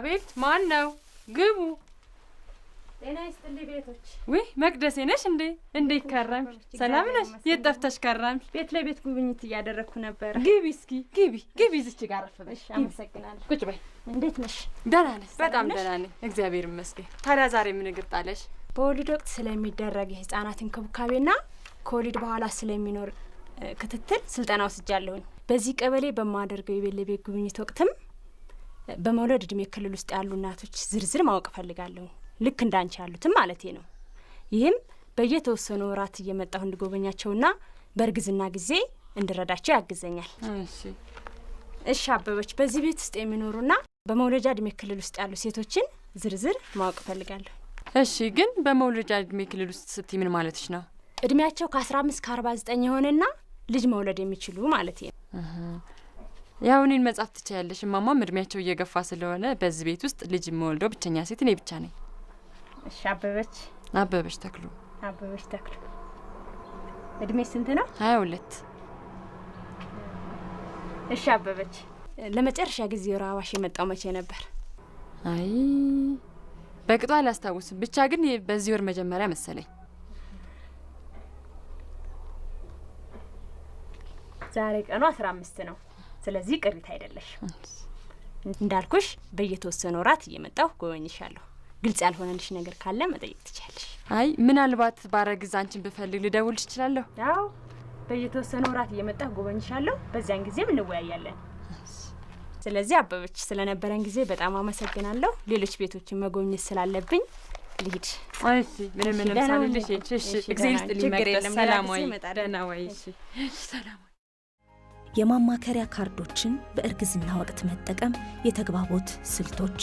አቤት፣ ማን ነው? ግቡ። ጤና ይስጥልኝ ቤቶች። ውይ መቅደሴ ነሽ እንዴ? እንዴት ከረምሽ? ሰላም ነሽ? የት ጠፍተሽ ከረምሽ? ቤት ለቤት ጉብኝት እያደረግኩ ነበረ። ግቢ እስኪ ግቢ ግቢ፣ ዝች ጋር አረፍበሽ። አመሰግናለሁ። ቁጭ በይ። እንዴት ነሽ? ደህና ነሽ? በጣም ደህና ነኝ እግዚአብሔር ይመስገን። ታዲያ ዛሬ ምን እግር ጣለሽ? በወሊድ ወቅት ስለሚደረግ የህጻናት እንክብካቤና ከወሊድ በኋላ ስለሚኖር ክትትል ስልጠና ወስጃለሁኝ። በዚህ ቀበሌ በማደርገው የቤት ለቤት ጉብኝት ወቅትም በመውለድ እድሜ ክልል ውስጥ ያሉ እናቶች ዝርዝር ማወቅ እፈልጋለሁ። ልክ እንዳንቺ ያሉትም ማለቴ ነው። ይህም በየተወሰኑ ወራት እየመጣሁ እንድጎበኛቸውና በእርግዝና ጊዜ እንድረዳቸው ያግዘኛል። እሺ አበበች፣ በዚህ ቤት ውስጥ የሚኖሩና በመውለጃ እድሜ ክልል ውስጥ ያሉ ሴቶችን ዝርዝር ማወቅ እፈልጋለሁ። እሺ፣ ግን በመውለጃ እድሜ ክልል ውስጥ ስቲ ምን ማለትች ነው? እድሜያቸው ከአስራ አምስት ከአርባ ዘጠኝ የሆነና ልጅ መውለድ የሚችሉ ማለት ነው። ያው እኔን መጻፍ ትችያለሽ። እማማም እድሜያቸው እየገፋ ስለሆነ በዚህ ቤት ውስጥ ልጅ የምወልደው ብቸኛ ሴት እኔ ብቻ ነኝ። እሺ። አበበች አበበች ተክሉ አበበች ተክሉ። እድሜ ስንት ነው? ሀያ ሁለት እሺ። አበበች ለመጨረሻ ጊዜ ወር አዋሽ የመጣው መቼ ነበር? አይ በቅጡ አላስታውስም፣ ብቻ ግን በዚህ ወር መጀመሪያ መሰለኝ። ዛሬ ቀኑ አስራ አምስት ነው። ስለዚህ ቅሪት አይደለሽ። እንዳልኩሽ በየተወሰነ ወራት እየመጣሁ ጎበኝሻለሁ። ግልጽ ያልሆነልሽ ነገር ካለ መጠየቅ ትችያለሽ። አይ ምናልባት ባረግዝ አንቺን ብፈልግ ልደውልሽ እችላለሁ። ያው በየተወሰነ ወራት እየመጣሁ ጎበኝሻለሁ። በዚያን ጊዜም እንወያያለን። ስለዚህ አበበች፣ ስለነበረን ጊዜ በጣም አመሰግናለሁ። ሌሎች ቤቶችን መጎብኘት ስላለብኝ ልሂድ። እሺ፣ ምንም ምንም ሳልልሽ፣ እግዜር ይስጥልኝ። ሰላም ወይ፣ ደህና ወይ፣ ሰላም የማማከሪያ ካርዶችን በእርግዝና ወቅት መጠቀም፣ የተግባቦት ስልቶች።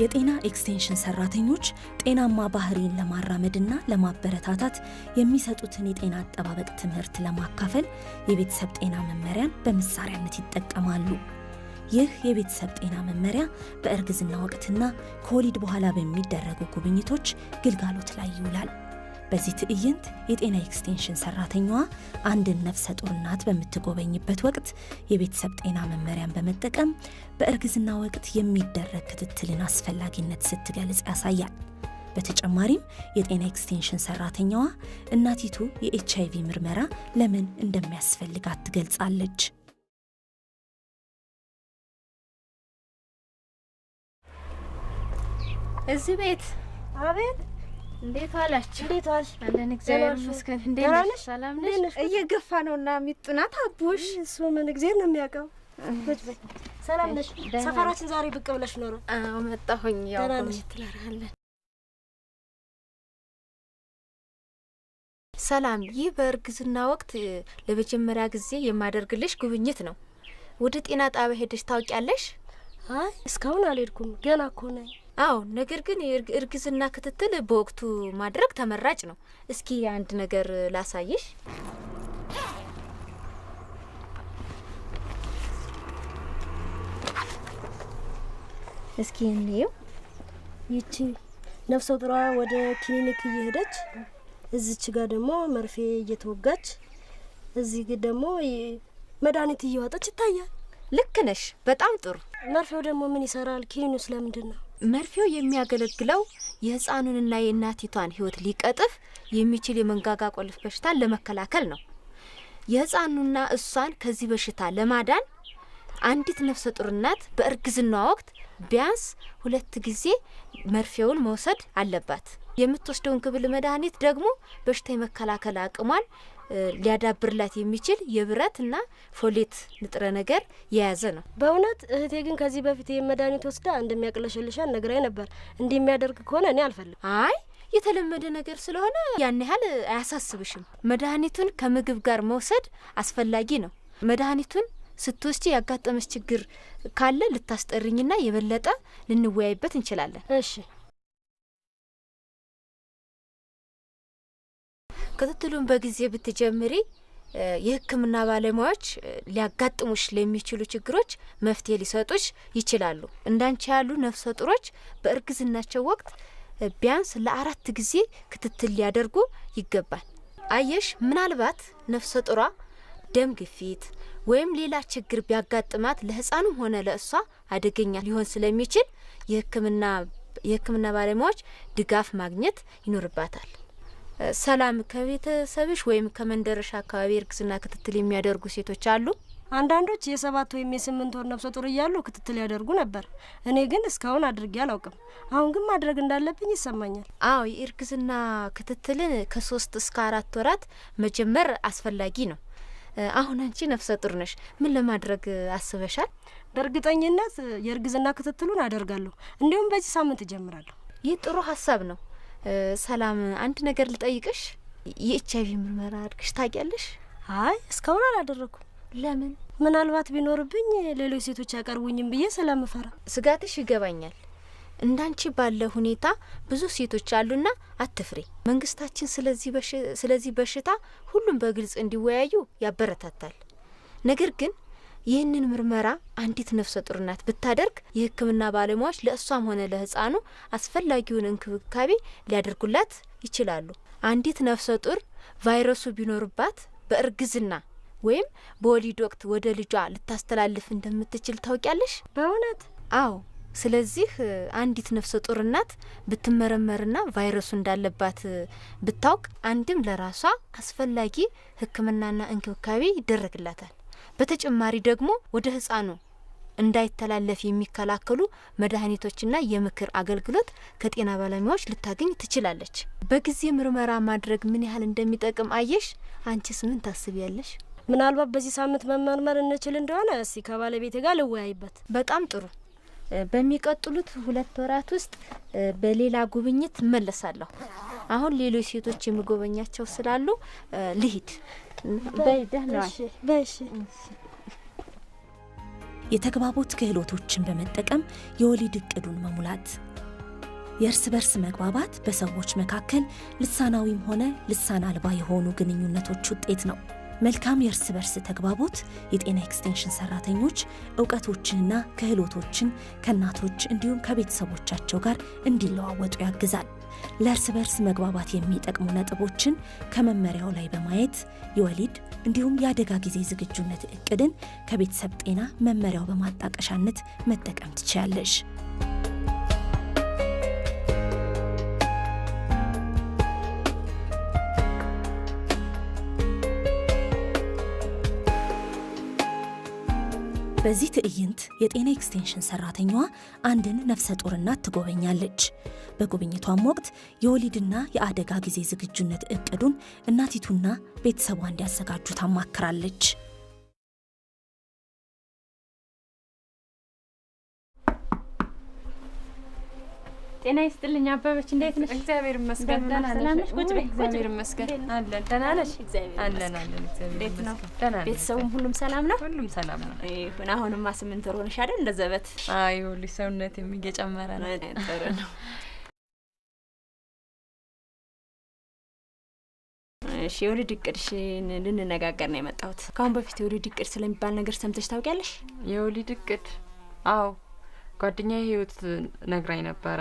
የጤና ኤክስቴንሽን ሰራተኞች ጤናማ ባህሪን ለማራመድና ለማበረታታት የሚሰጡትን የጤና አጠባበቅ ትምህርት ለማካፈል የቤተሰብ ጤና መመሪያን በምሳሪያነት ይጠቀማሉ። ይህ የቤተሰብ ጤና መመሪያ በእርግዝና ወቅትና ከወሊድ በኋላ በሚደረጉ ጉብኝቶች ግልጋሎት ላይ ይውላል። በዚህ ትዕይንት የጤና ኤክስቴንሽን ሰራተኛዋ አንድን ነፍሰ ጡር እናት በምትጎበኝበት ወቅት የቤተሰብ ጤና መመሪያን በመጠቀም በእርግዝና ወቅት የሚደረግ ክትትልን አስፈላጊነት ስትገልጽ ያሳያል። በተጨማሪም የጤና ኤክስቴንሽን ሰራተኛዋ እናቲቱ የኤች አይቪ ምርመራ ለምን እንደሚያስፈልጋት ትገልጻለች። እዚህ ቤት አቤት እንዴት ዋላችሁ? እንዴት ዋልሽ? አለን እግዚአብሔር ይመስገን። እንዴት ነሽ? ሰላም ነሽ? እየገፋ ሚጡናት አቦሽ እሱ ምን ነው የሚያውቀው። ሰላም ነሽ? ሰፈራችን ዛሬ ብቅ ብለሽ ኖሮ? አዎ መጣሁኝ። ያው ሰላም፣ ይህ በእርግዝና ወቅት ለመጀመሪያ ጊዜ የማደርግልሽ ጉብኝት ነው። ወደ ጤና ጣቢያ ሄደሽ ታውቂያለሽ? አይ እስካሁን አልሄድኩም፣ ገና እኮ ነኝ። አዎ። ነገር ግን እርግዝና ክትትል በወቅቱ ማድረግ ተመራጭ ነው። እስኪ አንድ ነገር ላሳይሽ። እስኪ እንየው። ይቺ ነፍሰ ጡሯ ወደ ክሊኒክ እየሄደች እዚች ጋር ደግሞ መርፌ እየተወጋች እዚህ ደግሞ መድኃኒት እየዋጠች ይታያል። ልክ ነሽ። በጣም ጥሩ። መርፌው ደግሞ ምን ይሰራል? ክኒኑ ስለምንድን ነው? መርፌው የሚያገለግለው የህፃኑንና የእናቲቷን ህይወት ሊቀጥፍ የሚችል የመንጋጋ ቆልፍ በሽታን ለመከላከል ነው። የህፃኑና እሷን ከዚህ በሽታ ለማዳን አንዲት ነፍሰ ጡር እናት በእርግዝና ወቅት ቢያንስ ሁለት ጊዜ መርፌውን መውሰድ አለባት። የምትወስደውን ክብል መድኃኒት ደግሞ በሽታ የመከላከል አቅሟን ሊያዳብርላት የሚችል የብረት እና ፎሌት ንጥረ ነገር የያዘ ነው። በእውነት እህቴ ግን ከዚህ በፊት ይህ መድኃኒት ወስዳ እንደሚያቅለሸልሻን ነግራኝ ነበር። እንዲህ ከሆነ እኔ አልፈልግም። አይ የተለመደ ነገር ስለሆነ ያን ያህል አያሳስብሽም። መድኃኒቱን ከምግብ ጋር መውሰድ አስፈላጊ ነው። መድኃኒቱን ስትወስጂ ያጋጠመች ችግር ካለ ልታስጠርኝና የበለጠ ልንወያይበት እንችላለን። እሺ። ክትትሉን በጊዜ ብትጀምሪ የሕክምና ባለሙያዎች ሊያጋጥሙሽ ለሚችሉ ችግሮች መፍትሄ ሊሰጡሽ ይችላሉ። እንዳንቺ ያሉ ነፍሰ ጡሮች በእርግዝናቸው ወቅት ቢያንስ ለአራት ጊዜ ክትትል ሊያደርጉ ይገባል። አየሽ፣ ምናልባት ነፍሰ ጡሯ ደም ግፊት ወይም ሌላ ችግር ቢያጋጥማት ለህፃኑ ሆነ ለእሷ አደገኛ ሊሆን ስለሚችል የህክምና ባለሙያዎች ድጋፍ ማግኘት ይኖርባታል። ሰላም ከቤተሰብሽ ወይም ከመንደርሽ አካባቢ እርግዝና ክትትል የሚያደርጉ ሴቶች አሉ? አንዳንዶች የሰባት ወይም የስምንት ወር ነፍሰ ጡር እያሉ ክትትል ያደርጉ ነበር። እኔ ግን እስካሁን አድርጌ አላውቅም። አሁን ግን ማድረግ እንዳለብኝ ይሰማኛል። አዎ፣ የእርግዝና ክትትልን ከሶስት እስከ አራት ወራት መጀመር አስፈላጊ ነው። አሁን አንቺ ነፍሰ ጡር ነሽ። ምን ለማድረግ አስበሻል? በእርግጠኝነት የእርግዝና ክትትሉን አደርጋለሁ። እንዲሁም በዚህ ሳምንት እጀምራለሁ። ይህ ጥሩ ሀሳብ ነው። ሰላም አንድ ነገር ልጠይቅሽ። የኤች አይቪ ምርመራ አድርግሽ ታውቂያለሽ? አይ እስካሁን አላደረኩም። ለምን? ምናልባት ቢኖርብኝ ሌሎች ሴቶች ያቀርቡኝም ብዬ ስለምፈራ። ስጋትሽ ይገባኛል። እንዳንቺ ባለ ሁኔታ ብዙ ሴቶች አሉና አትፍሪ። መንግስታችን ስለዚህ በሽታ ሁሉም በግልጽ እንዲወያዩ ያበረታታል። ነገር ግን ይህንን ምርመራ አንዲት ነፍሰ ጡር እናት ብታደርግ የሕክምና ባለሙያዎች ለእሷም ሆነ ለህፃኑ አስፈላጊውን እንክብካቤ ሊያደርጉላት ይችላሉ። አንዲት ነፍሰ ጡር ቫይረሱ ቢኖርባት በእርግዝና ወይም በወሊድ ወቅት ወደ ልጇ ልታስተላልፍ እንደምትችል ታውቂያለሽ? በእውነት አዎ። ስለዚህ አንዲት ነፍሰ ጡር እናት ብትመረመርና ቫይረሱ እንዳለባት ብታውቅ አንድም ለራሷ አስፈላጊ ህክምናና እንክብካቤ ይደረግላታል። በተጨማሪ ደግሞ ወደ ህፃኑ እንዳይተላለፍ የሚከላከሉ መድኃኒቶችና የምክር አገልግሎት ከጤና ባለሙያዎች ልታገኝ ትችላለች። በጊዜ ምርመራ ማድረግ ምን ያህል እንደሚጠቅም አየሽ። አንቺስ ምን ታስቢያለሽ? ምናልባት በዚህ ሳምንት መመርመር እንችል እንደሆነ እስቲ ከባለቤቴ ጋር ልወያይበት። በጣም ጥሩ። በሚቀጥሉት ሁለት ወራት ውስጥ በሌላ ጉብኝት መለሳለሁ። አሁን ሌሎች ሴቶች የሚጎበኛቸው ስላሉ ልሂድ። በይ ደህና በይ። የተግባቦት ክህሎቶችን በመጠቀም የወሊድ እቅዱን መሙላት የእርስ በርስ መግባባት በሰዎች መካከል ልሳናዊም ሆነ ልሳን አልባ የሆኑ ግንኙነቶች ውጤት ነው። መልካም የእርስ በርስ ተግባቦት የጤና ኤክስቴንሽን ሰራተኞች እውቀቶችንና ክህሎቶችን ከእናቶች እንዲሁም ከቤተሰቦቻቸው ጋር እንዲለዋወጡ ያግዛል። ለእርስ በርስ መግባባት የሚጠቅሙ ነጥቦችን ከመመሪያው ላይ በማየት የወሊድ እንዲሁም የአደጋ ጊዜ ዝግጁነት እቅድን ከቤተሰብ ጤና መመሪያው በማጣቀሻነት መጠቀም ትችያለሽ። በዚህ ትዕይንት የጤና ኤክስቴንሽን ሰራተኛዋ አንድን ነፍሰ ጡር እናት ትጎበኛለች። በጉብኝቷም ወቅት የወሊድና የአደጋ ጊዜ ዝግጁነት እቅዱን እናቲቱና ቤተሰቧ እንዲያዘጋጁ ታማክራለች። ጤና ይስጥልኝ አበበች፣ እንዴት ነሽ? እግዚአብሔር ይመስገን። ደህና ነሽ? ቁጭ በይ። እግዚአብሔር ይመስገን አለን። ደህና ነሽ? እግዚአብሔር አለን አለን። እንዴት ነው ቤተሰቡም? ሁሉም ሰላም ነው? ሁሉም ሰላም ነው። ይሁን። አሁንማ ስምንት ወር ሆነሽ አይደል? እንደ ዘበት አይ፣ ይኸውልሽ ሰውነት ነው። ጥሩ ነው። እሺ፣ የወሊድ እቅድሽን ልንነጋገር ነው የመጣሁት። ከአሁን በፊት የወሊድ እቅድ ስለሚባል ነገር ሰምተሽ ታውቂያለሽ? የወሊድ እቅድ? አዎ ጓደኛዬ ህይወት ነግራኝ ነበረ።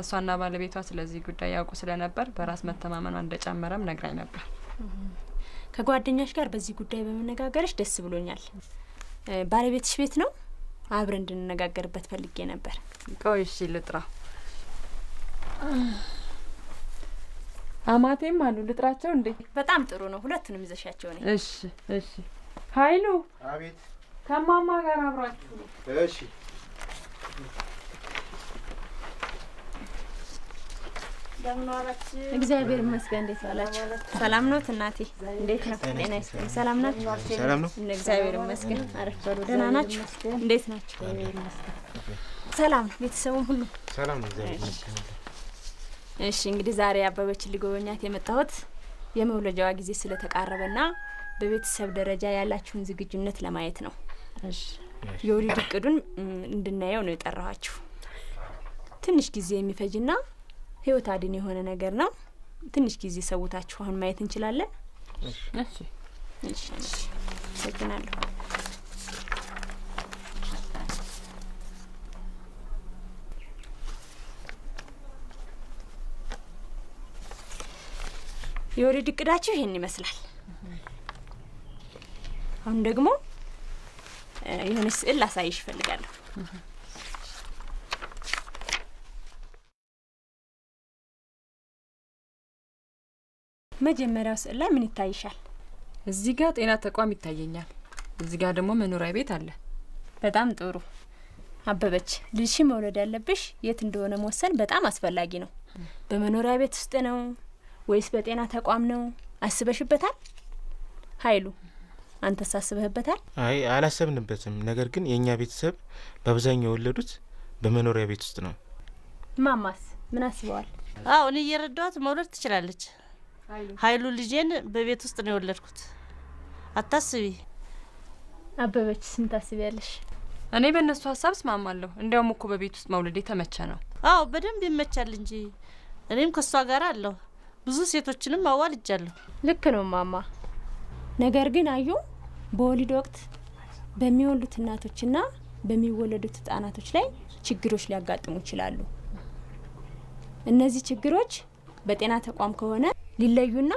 እሷና ባለቤቷ ስለዚህ ጉዳይ ያውቁ ስለነበር በራስ መተማመኗ እንደጨመረም ነግራኝ ነበር። ከጓደኛሽ ጋር በዚህ ጉዳይ በመነጋገርሽ ደስ ብሎኛል። ባለቤትሽ ቤት ነው? አብረ እንድንነጋገርበት ፈልጌ ነበር። ቆይ እሺ ልጥራ። አማቴም አሉ ልጥራቸው እንዴ? በጣም ጥሩ ነው። ሁለቱንም ይዘሻቸው እሺ እሺ። ሀይሉ! አቤት። ከማማ ጋር አብራችሁ ነው? እሺ እግዚአብሔር ይመስገን። እንዴት ዋላችሁ? ሰላም ነው እናቴ? እንዴት ነው? ጤና ይስጥልኝ። ሰላም ናችሁ? ሰላም ነው። እግዚአብሔር ይመስገን። አረፍ በሉ። ደህና ናችሁ? እንዴት ናችሁ? ሰላም ነው። ቤተሰቡም ሁሉ ሰላም ነው። እግዚአብሔር ይመስገን። እሺ፣ እንግዲህ ዛሬ አበበችን ሊጎበኛት የመጣሁት የመውለጃዋ ጊዜ ስለተቃረበና በቤተሰብ ደረጃ ያላችሁን ዝግጁነት ለማየት ነው። የወሊድ እቅዱን እንድናየው ነው የጠራኋችሁ። ትንሽ ጊዜ የሚፈጅና ህይወት አድን የሆነ ነገር ነው። ትንሽ ጊዜ ሰውታችሁ አሁን ማየት እንችላለን። አመሰግናለሁ። የወደድ እቅዳችሁ ይሄን ይመስላል። አሁን ደግሞ የሆነች ስዕል ላሳይሽ እፈልጋለሁ። መጀመሪያው ስዕል ላይ ምን ይታይሻል? እዚህ ጋር ጤና ተቋም ይታየኛል። እዚህ ጋር ደግሞ መኖሪያ ቤት አለ። በጣም ጥሩ አበበች። ልጅሽ መውለድ ያለብሽ የት እንደሆነ መወሰን በጣም አስፈላጊ ነው። በመኖሪያ ቤት ውስጥ ነው ወይስ በጤና ተቋም ነው? አስበሽበታል? ኃይሉ አንተስ አስበህበታል? አይ አላሰብንበትም። ነገር ግን የእኛ ቤተሰብ በአብዛኛው የወለዱት በመኖሪያ ቤት ውስጥ ነው። ማማስ ምን አስበዋል? አሁን እኔ እየረዳዋት መውለድ ትችላለች። ሀይሉ ልጄን በቤት ውስጥ ነው የወለድኩት። አታስቢ አበበች። ስም ያለሽ? እኔ በእነሱ ሀሳብ እስማማለሁ። እንዲያውም እኮ በቤት ውስጥ መውለድ የተመቸ ነው። አዎ በደንብ ይመቻል እንጂ እኔም ከእሷ ጋር አለሁ። ብዙ ሴቶችንም አዋልጃለሁ። ልክ ነው ማማ። ነገር ግን አዩ በወሊድ ወቅት እናቶች እናቶችና በሚወለዱት ህጻናቶች ላይ ችግሮች ሊያጋጥሙ ይችላሉ። እነዚህ ችግሮች በጤና ተቋም ከሆነ ሊለዩና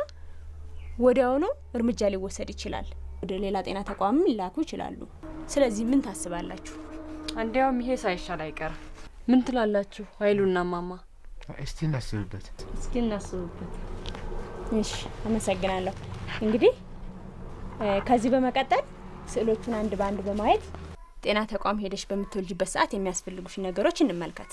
ወዲያውኑ እርምጃ ሊወሰድ ይችላል። ወደ ሌላ ጤና ተቋምም ሊላኩ ይችላሉ። ስለዚህ ምን ታስባላችሁ? እንዲያውም ይሄ ሳይሻል አይቀርም። ምን ትላላችሁ ኃይሉና ማማ? እስቲ እናስብበት፣ እስኪ እናስብበት። እሺ፣ አመሰግናለሁ። እንግዲህ ከዚህ በመቀጠል ስዕሎቹን አንድ በአንድ በማየት ጤና ተቋም ሄደሽ በምትወልጅበት ሰዓት የሚያስፈልጉሽ ነገሮች እንመልከት።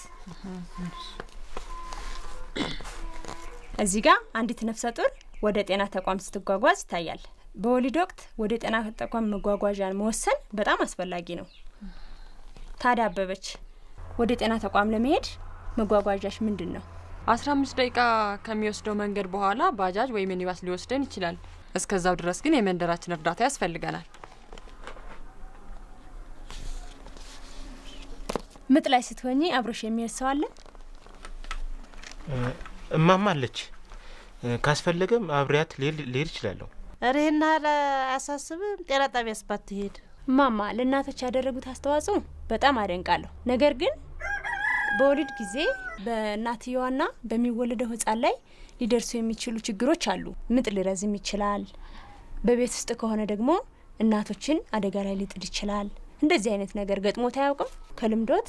እዚህ ጋር አንዲት ነፍሰ ጡር ወደ ጤና ተቋም ስትጓጓዝ ይታያል። በወሊድ ወቅት ወደ ጤና ተቋም መጓጓዣን መወሰን በጣም አስፈላጊ ነው። ታዲያ አበበች ወደ ጤና ተቋም ለመሄድ መጓጓዣሽ ምንድን ነው? አስራ አምስት ደቂቃ ከሚወስደው መንገድ በኋላ ባጃጅ ወይም ሚኒባስ ሊወስደን ይችላል። እስከዛው ድረስ ግን የመንደራችን እርዳታ ያስፈልገናል። ምጥ ላይ ስትሆኚ አብሮሽ የሚሄድ ሰው አለ? እማማ አለች። ካስፈለገም አብሬያት ልሄድ እችላለሁ። ኧረ አያሳስብም። ጤና ጣቢያ ስባት እማማ ለእናቶች ያደረጉት አስተዋጽኦ በጣም አደንቃለሁ። ነገር ግን በወሊድ ጊዜ በእናትየዋና በሚወለደው ህጻን ላይ ሊደርሱ የሚችሉ ችግሮች አሉ። ምጥ ሊረዝም ይችላል። በቤት ውስጥ ከሆነ ደግሞ እናቶችን አደጋ ላይ ሊጥል ይችላል። እንደዚህ አይነት ነገር ገጥሞት አያውቅም? ከልምዶት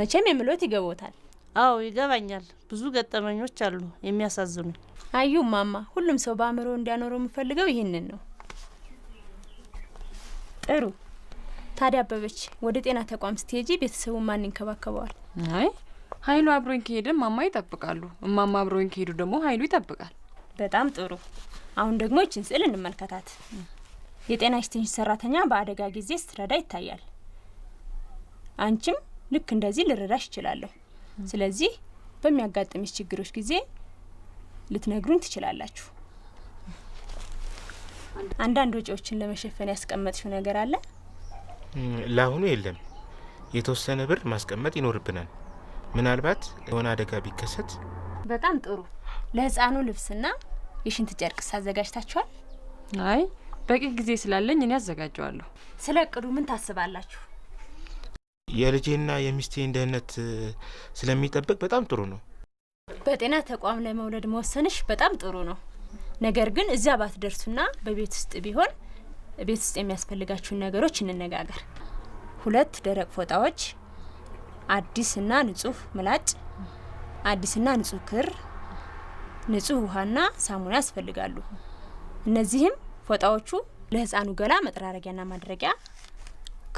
መቼም የምሎት ይገቦታል። አዎ ይገባኛል። ብዙ ገጠመኞች አሉ የሚያሳዝኑ። አዩ ማማ፣ ሁሉም ሰው በአእምሮ እንዲያኖረው የምፈልገው ይህንን ነው። ጥሩ። ታዲያ አበበች፣ ወደ ጤና ተቋም ስትሄጂ ቤተሰቡን ማን ይንከባከበዋል? አይ ኃይሉ አብሮኝ ከሄደ ማማ ይጠብቃሉ። እማማ አብሮኝ ከሄዱ ደግሞ ኃይሉ ይጠብቃል። በጣም ጥሩ። አሁን ደግሞ ይችን ስዕል እንመልከታት። የጤና ኤክስቴንሽን ሰራተኛ በአደጋ ጊዜ ስትረዳ ይታያል። አንቺም ልክ እንደዚህ ልረዳሽ እችላለሁ። ስለዚህ በሚያጋጥምሽ ችግሮች ጊዜ ልትነግሩኝ ትችላላችሁ። አንዳንድ ወጪዎችን ለመሸፈን ያስቀመጥሽው ነገር አለ? ለአሁኑ የለም። የተወሰነ ብር ማስቀመጥ ይኖርብናል፣ ምናልባት የሆነ አደጋ ቢከሰት። በጣም ጥሩ። ለህፃኑ ልብስና የሽንት ጨርቅስ አዘጋጅታችኋል? አይ በቂ ጊዜ ስላለኝ እኔ አዘጋጀዋለሁ። ስለ እቅዱ ምን ታስባላችሁ? የልጄና የሚስቴን ደህንነት ስለሚጠብቅ በጣም ጥሩ ነው። በጤና ተቋም ላይ መውለድ መወሰንሽ በጣም ጥሩ ነው። ነገር ግን እዚያ ባትደርሱና በቤት ውስጥ ቢሆን ቤት ውስጥ የሚያስፈልጋችሁን ነገሮች እንነጋገር። ሁለት ደረቅ ፎጣዎች፣ አዲስና ንጹህ ምላጭ፣ አዲስና ንጹህ ክር፣ ንጹህ ውሃና ሳሙና ያስፈልጋሉ። እነዚህም ፎጣዎቹ ለህፃኑ ገላ መጠራረጊያና ማድረጊያ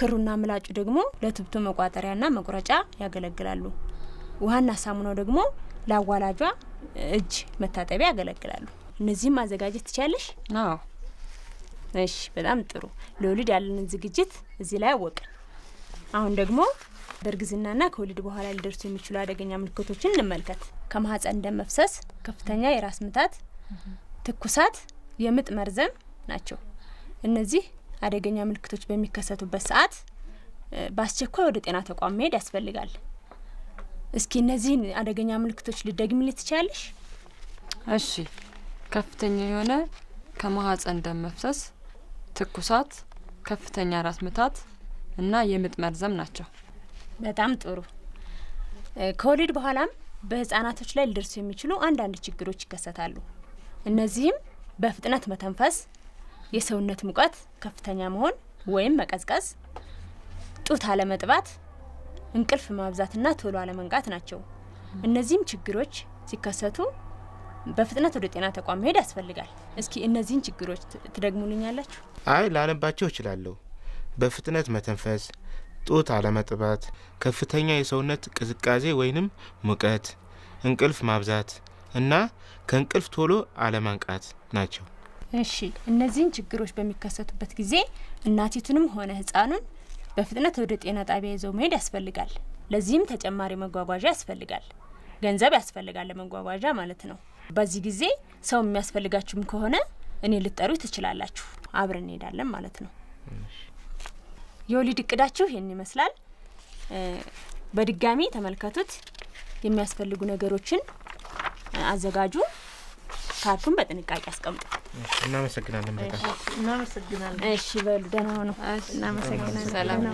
ክሩና ምላጩ ደግሞ ለትብቱ መቋጠሪያና መቁረጫ ያገለግላሉ። ውሃና ሳሙናው ደግሞ ለአዋላጇ እጅ መታጠቢያ ያገለግላሉ። እነዚህም ማዘጋጀት ትችያለሽ? አዎ። እሺ፣ በጣም ጥሩ። ለወሊድ ያለንን ዝግጅት እዚህ ላይ አወቅን። አሁን ደግሞ በእርግዝናና ከወሊድ በኋላ ሊደርሱ የሚችሉ አደገኛ ምልክቶችን እንመልከት። ከማህፀን ደም መፍሰስ፣ ከፍተኛ የራስ ምታት፣ ትኩሳት፣ የምጥ መርዘም ናቸው። እነዚህ አደገኛ ምልክቶች በሚከሰቱበት ሰዓት በአስቸኳይ ወደ ጤና ተቋም መሄድ ያስፈልጋል። እስኪ እነዚህን አደገኛ ምልክቶች ልደግሚልኝ ትችያለሽ? እሺ። ከፍተኛ የሆነ ከማህፀን ደም መፍሰስ፣ ትኩሳት፣ ከፍተኛ ራስ ምታት እና የምጥ መርዘም ናቸው። በጣም ጥሩ። ከወሊድ በኋላም በህጻናቶች ላይ ሊደርሱ የሚችሉ አንዳንድ ችግሮች ይከሰታሉ። እነዚህም በፍጥነት መተንፈስ፣ የሰውነት ሙቀት ከፍተኛ መሆን ወይም መቀዝቀዝ፣ ጡት አለመጥባት፣ እንቅልፍ ማብዛትና ቶሎ አለመንቃት ናቸው። እነዚህም ችግሮች ሲከሰቱ በፍጥነት ወደ ጤና ተቋም መሄድ ያስፈልጋል። እስኪ እነዚህን ችግሮች ትደግሙልኛላችሁ? አይ ላነባቸው እችላለሁ። በፍጥነት መተንፈስ፣ ጡት አለመጥባት፣ ከፍተኛ የሰውነት ቅዝቃዜ ወይንም ሙቀት፣ እንቅልፍ ማብዛት እና ከእንቅልፍ ቶሎ አለማንቃት ናቸው። እሺ እነዚህን ችግሮች በሚከሰቱበት ጊዜ እናቲቱንም ሆነ ህፃኑን በፍጥነት ወደ ጤና ጣቢያ ይዘው መሄድ ያስፈልጋል። ለዚህም ተጨማሪ መጓጓዣ ያስፈልጋል፣ ገንዘብ ያስፈልጋል ለመጓጓዣ ማለት ነው። በዚህ ጊዜ ሰው የሚያስፈልጋችሁም ከሆነ እኔ ልጠሩ ትችላላችሁ፣ አብረን እንሄዳለን ማለት ነው። የወሊድ እቅዳችሁ ይህን ይመስላል። በድጋሚ ተመልከቱት። የሚያስፈልጉ ነገሮችን አዘጋጁ። ካርቱን በጥንቃቄ አስቀምጡ። እናመሰግናለን። እናመሰግናለን። እሺ በሉ ደህና እናመሰግናለን።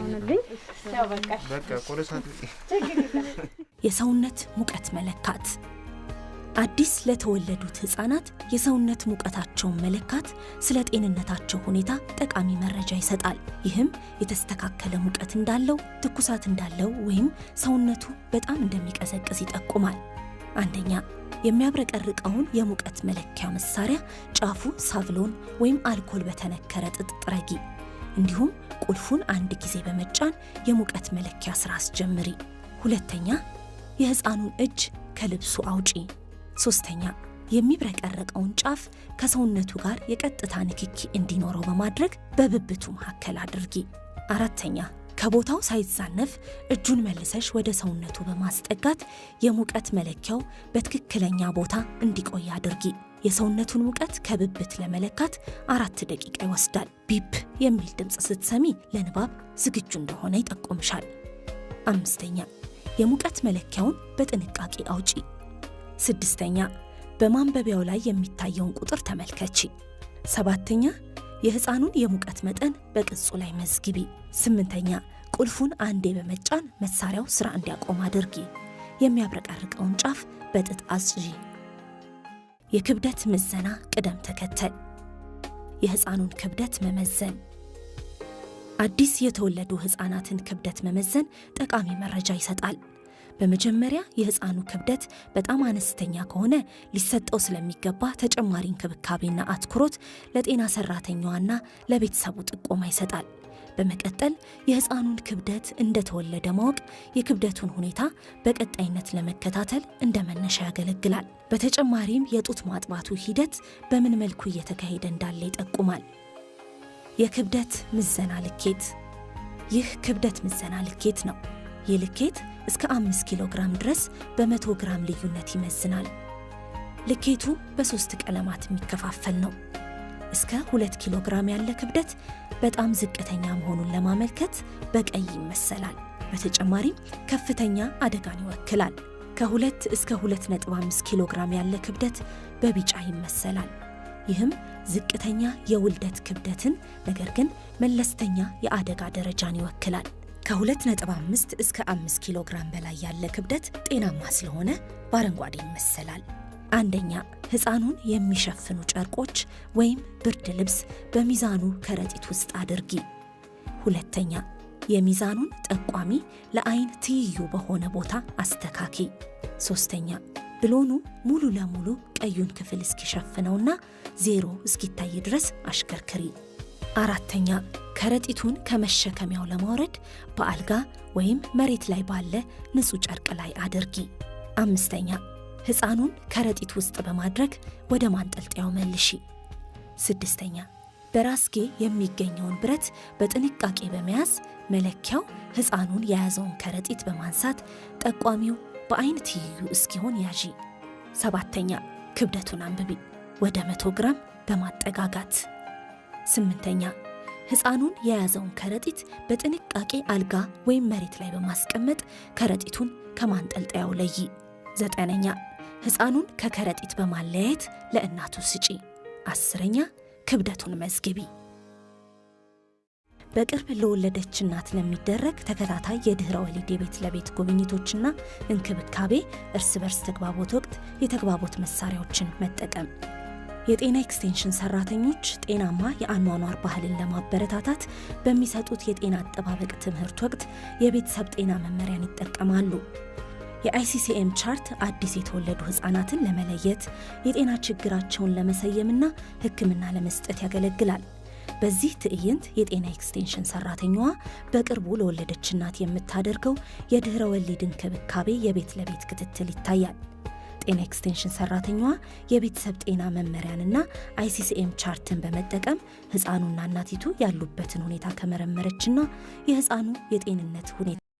በቃ ቆሎ የሰውነት ሙቀት መለካት አዲስ ለተወለዱት ህጻናት የሰውነት ሙቀታቸውን መለካት ስለ ጤንነታቸው ሁኔታ ጠቃሚ መረጃ ይሰጣል። ይህም የተስተካከለ ሙቀት እንዳለው፣ ትኩሳት እንዳለው ወይም ሰውነቱ በጣም እንደሚቀዘቅዝ ይጠቁማል። አንደኛ የሚያብረቀርቀውን የሙቀት መለኪያ መሳሪያ ጫፉ ሳቭሎን ወይም አልኮል በተነከረ ጥጥ ጥረጊ። እንዲሁም ቁልፉን አንድ ጊዜ በመጫን የሙቀት መለኪያ ስራ አስጀምሪ። ሁለተኛ የሕፃኑን እጅ ከልብሱ አውጪ። ሶስተኛ የሚብረቀረቀውን ጫፍ ከሰውነቱ ጋር የቀጥታ ንክኪ እንዲኖረው በማድረግ በብብቱ መካከል አድርጊ። አራተኛ ከቦታው ሳይዛነፍ እጁን መልሰሽ ወደ ሰውነቱ በማስጠጋት የሙቀት መለኪያው በትክክለኛ ቦታ እንዲቆይ አድርጊ። የሰውነቱን ሙቀት ከብብት ለመለካት አራት ደቂቃ ይወስዳል። ቢፕ የሚል ድምፅ ስትሰሚ ለንባብ ዝግጁ እንደሆነ ይጠቁምሻል። አምስተኛ የሙቀት መለኪያውን በጥንቃቄ አውጪ። ስድስተኛ በማንበቢያው ላይ የሚታየውን ቁጥር ተመልከቺ። ሰባተኛ የህፃኑን የሙቀት መጠን በቅጹ ላይ መዝግቢ። ስምንተኛ ቁልፉን አንዴ በመጫን መሳሪያው ስራ እንዲያቆም አድርጊ። የሚያብረቀርቀውን ጫፍ በጥጥ አጽዢ። የክብደት ምዘና ቅደም ተከተል የህፃኑን ክብደት መመዘን አዲስ የተወለዱ ህፃናትን ክብደት መመዘን ጠቃሚ መረጃ ይሰጣል። በመጀመሪያ የህፃኑ ክብደት በጣም አነስተኛ ከሆነ ሊሰጠው ስለሚገባ ተጨማሪ እንክብካቤና አትኩሮት ለጤና ሰራተኛዋና ለቤተሰቡ ጥቆማ ይሰጣል። በመቀጠል የህፃኑን ክብደት እንደተወለደ ማወቅ የክብደቱን ሁኔታ በቀጣይነት ለመከታተል እንደ መነሻ ያገለግላል። በተጨማሪም የጡት ማጥባቱ ሂደት በምን መልኩ እየተካሄደ እንዳለ ይጠቁማል። የክብደት ምዘና ልኬት ይህ ክብደት ምዘና ልኬት ነው። ይህ ልኬት እስከ 5 ኪሎ ግራም ድረስ በ100 ግራም ልዩነት ይመዝናል። ልኬቱ በሶስት ቀለማት የሚከፋፈል ነው። እስከ 2 ኪሎ ግራም ያለ ክብደት በጣም ዝቅተኛ መሆኑን ለማመልከት በቀይ ይመሰላል። በተጨማሪም ከፍተኛ አደጋን ይወክላል። ከሁለት እስከ 2.5 ኪሎ ግራም ያለ ክብደት በቢጫ ይመሰላል። ይህም ዝቅተኛ የውልደት ክብደትን ነገር ግን መለስተኛ የአደጋ ደረጃን ይወክላል። ከ2.5 እስከ 5 ኪሎ ግራም በላይ ያለ ክብደት ጤናማ ስለሆነ በአረንጓዴ ይመሰላል። አንደኛ ህፃኑን የሚሸፍኑ ጨርቆች ወይም ብርድ ልብስ በሚዛኑ ከረጢት ውስጥ አድርጊ። ሁለተኛ የሚዛኑን ጠቋሚ ለአይን ትይዩ በሆነ ቦታ አስተካኪ። ሶስተኛ ብሎኑ ሙሉ ለሙሉ ቀዩን ክፍል እስኪሸፍነውና ዜሮ እስኪታይ ድረስ አሽከርክሪ። አራተኛ ከረጢቱን ከመሸከሚያው ለማውረድ በአልጋ ወይም መሬት ላይ ባለ ንጹህ ጨርቅ ላይ አድርጊ። አምስተኛ ሕፃኑን ከረጢት ውስጥ በማድረግ ወደ ማንጠልጠያው መልሺ። ስድስተኛ በራስጌ የሚገኘውን ብረት በጥንቃቄ በመያዝ መለኪያው ሕፃኑን የያዘውን ከረጢት በማንሳት ጠቋሚው በአይን ትይዩ እስኪሆን ያዢ። ሰባተኛ ክብደቱን አንብቢ። ወደ መቶ ግራም በማጠጋጋት ስምንተኛ ሕፃኑን የያዘውን ከረጢት በጥንቃቄ አልጋ ወይም መሬት ላይ በማስቀመጥ ከረጢቱን ከማንጠልጠያው ለይ። ዘጠነኛ ሕፃኑን ከከረጢት በማለያየት ለእናቱ ስጪ። አስረኛ ክብደቱን መዝግቢ። በቅርብ ለወለደች እናት ለሚደረግ ተከታታይ የድህረ ወሊድ የቤት ለቤት ጉብኝቶችና እንክብካቤ እርስ በርስ ተግባቦት ወቅት የተግባቦት መሳሪያዎችን መጠቀም የጤና ኤክስቴንሽን ሰራተኞች ጤናማ የአኗኗር ባህልን ለማበረታታት በሚሰጡት የጤና አጠባበቅ ትምህርት ወቅት የቤተሰብ ጤና መመሪያን ይጠቀማሉ። የአይሲሲኤም ቻርት አዲስ የተወለዱ ህጻናትን ለመለየት የጤና ችግራቸውን ለመሰየምና ሕክምና ለመስጠት ያገለግላል። በዚህ ትዕይንት የጤና ኤክስቴንሽን ሰራተኛዋ በቅርቡ ለወለደች እናት የምታደርገው የድህረ ወሊድ እንክብካቤ የቤት ለቤት ክትትል ይታያል። የጤና ኤክስቴንሽን ሰራተኛዋ የቤተሰብ ጤና መመሪያንና አይሲሲኤም ቻርትን በመጠቀም ህፃኑና እናቲቱ ያሉበትን ሁኔታ ከመረመረችና የህፃኑ የጤንነት ሁኔታ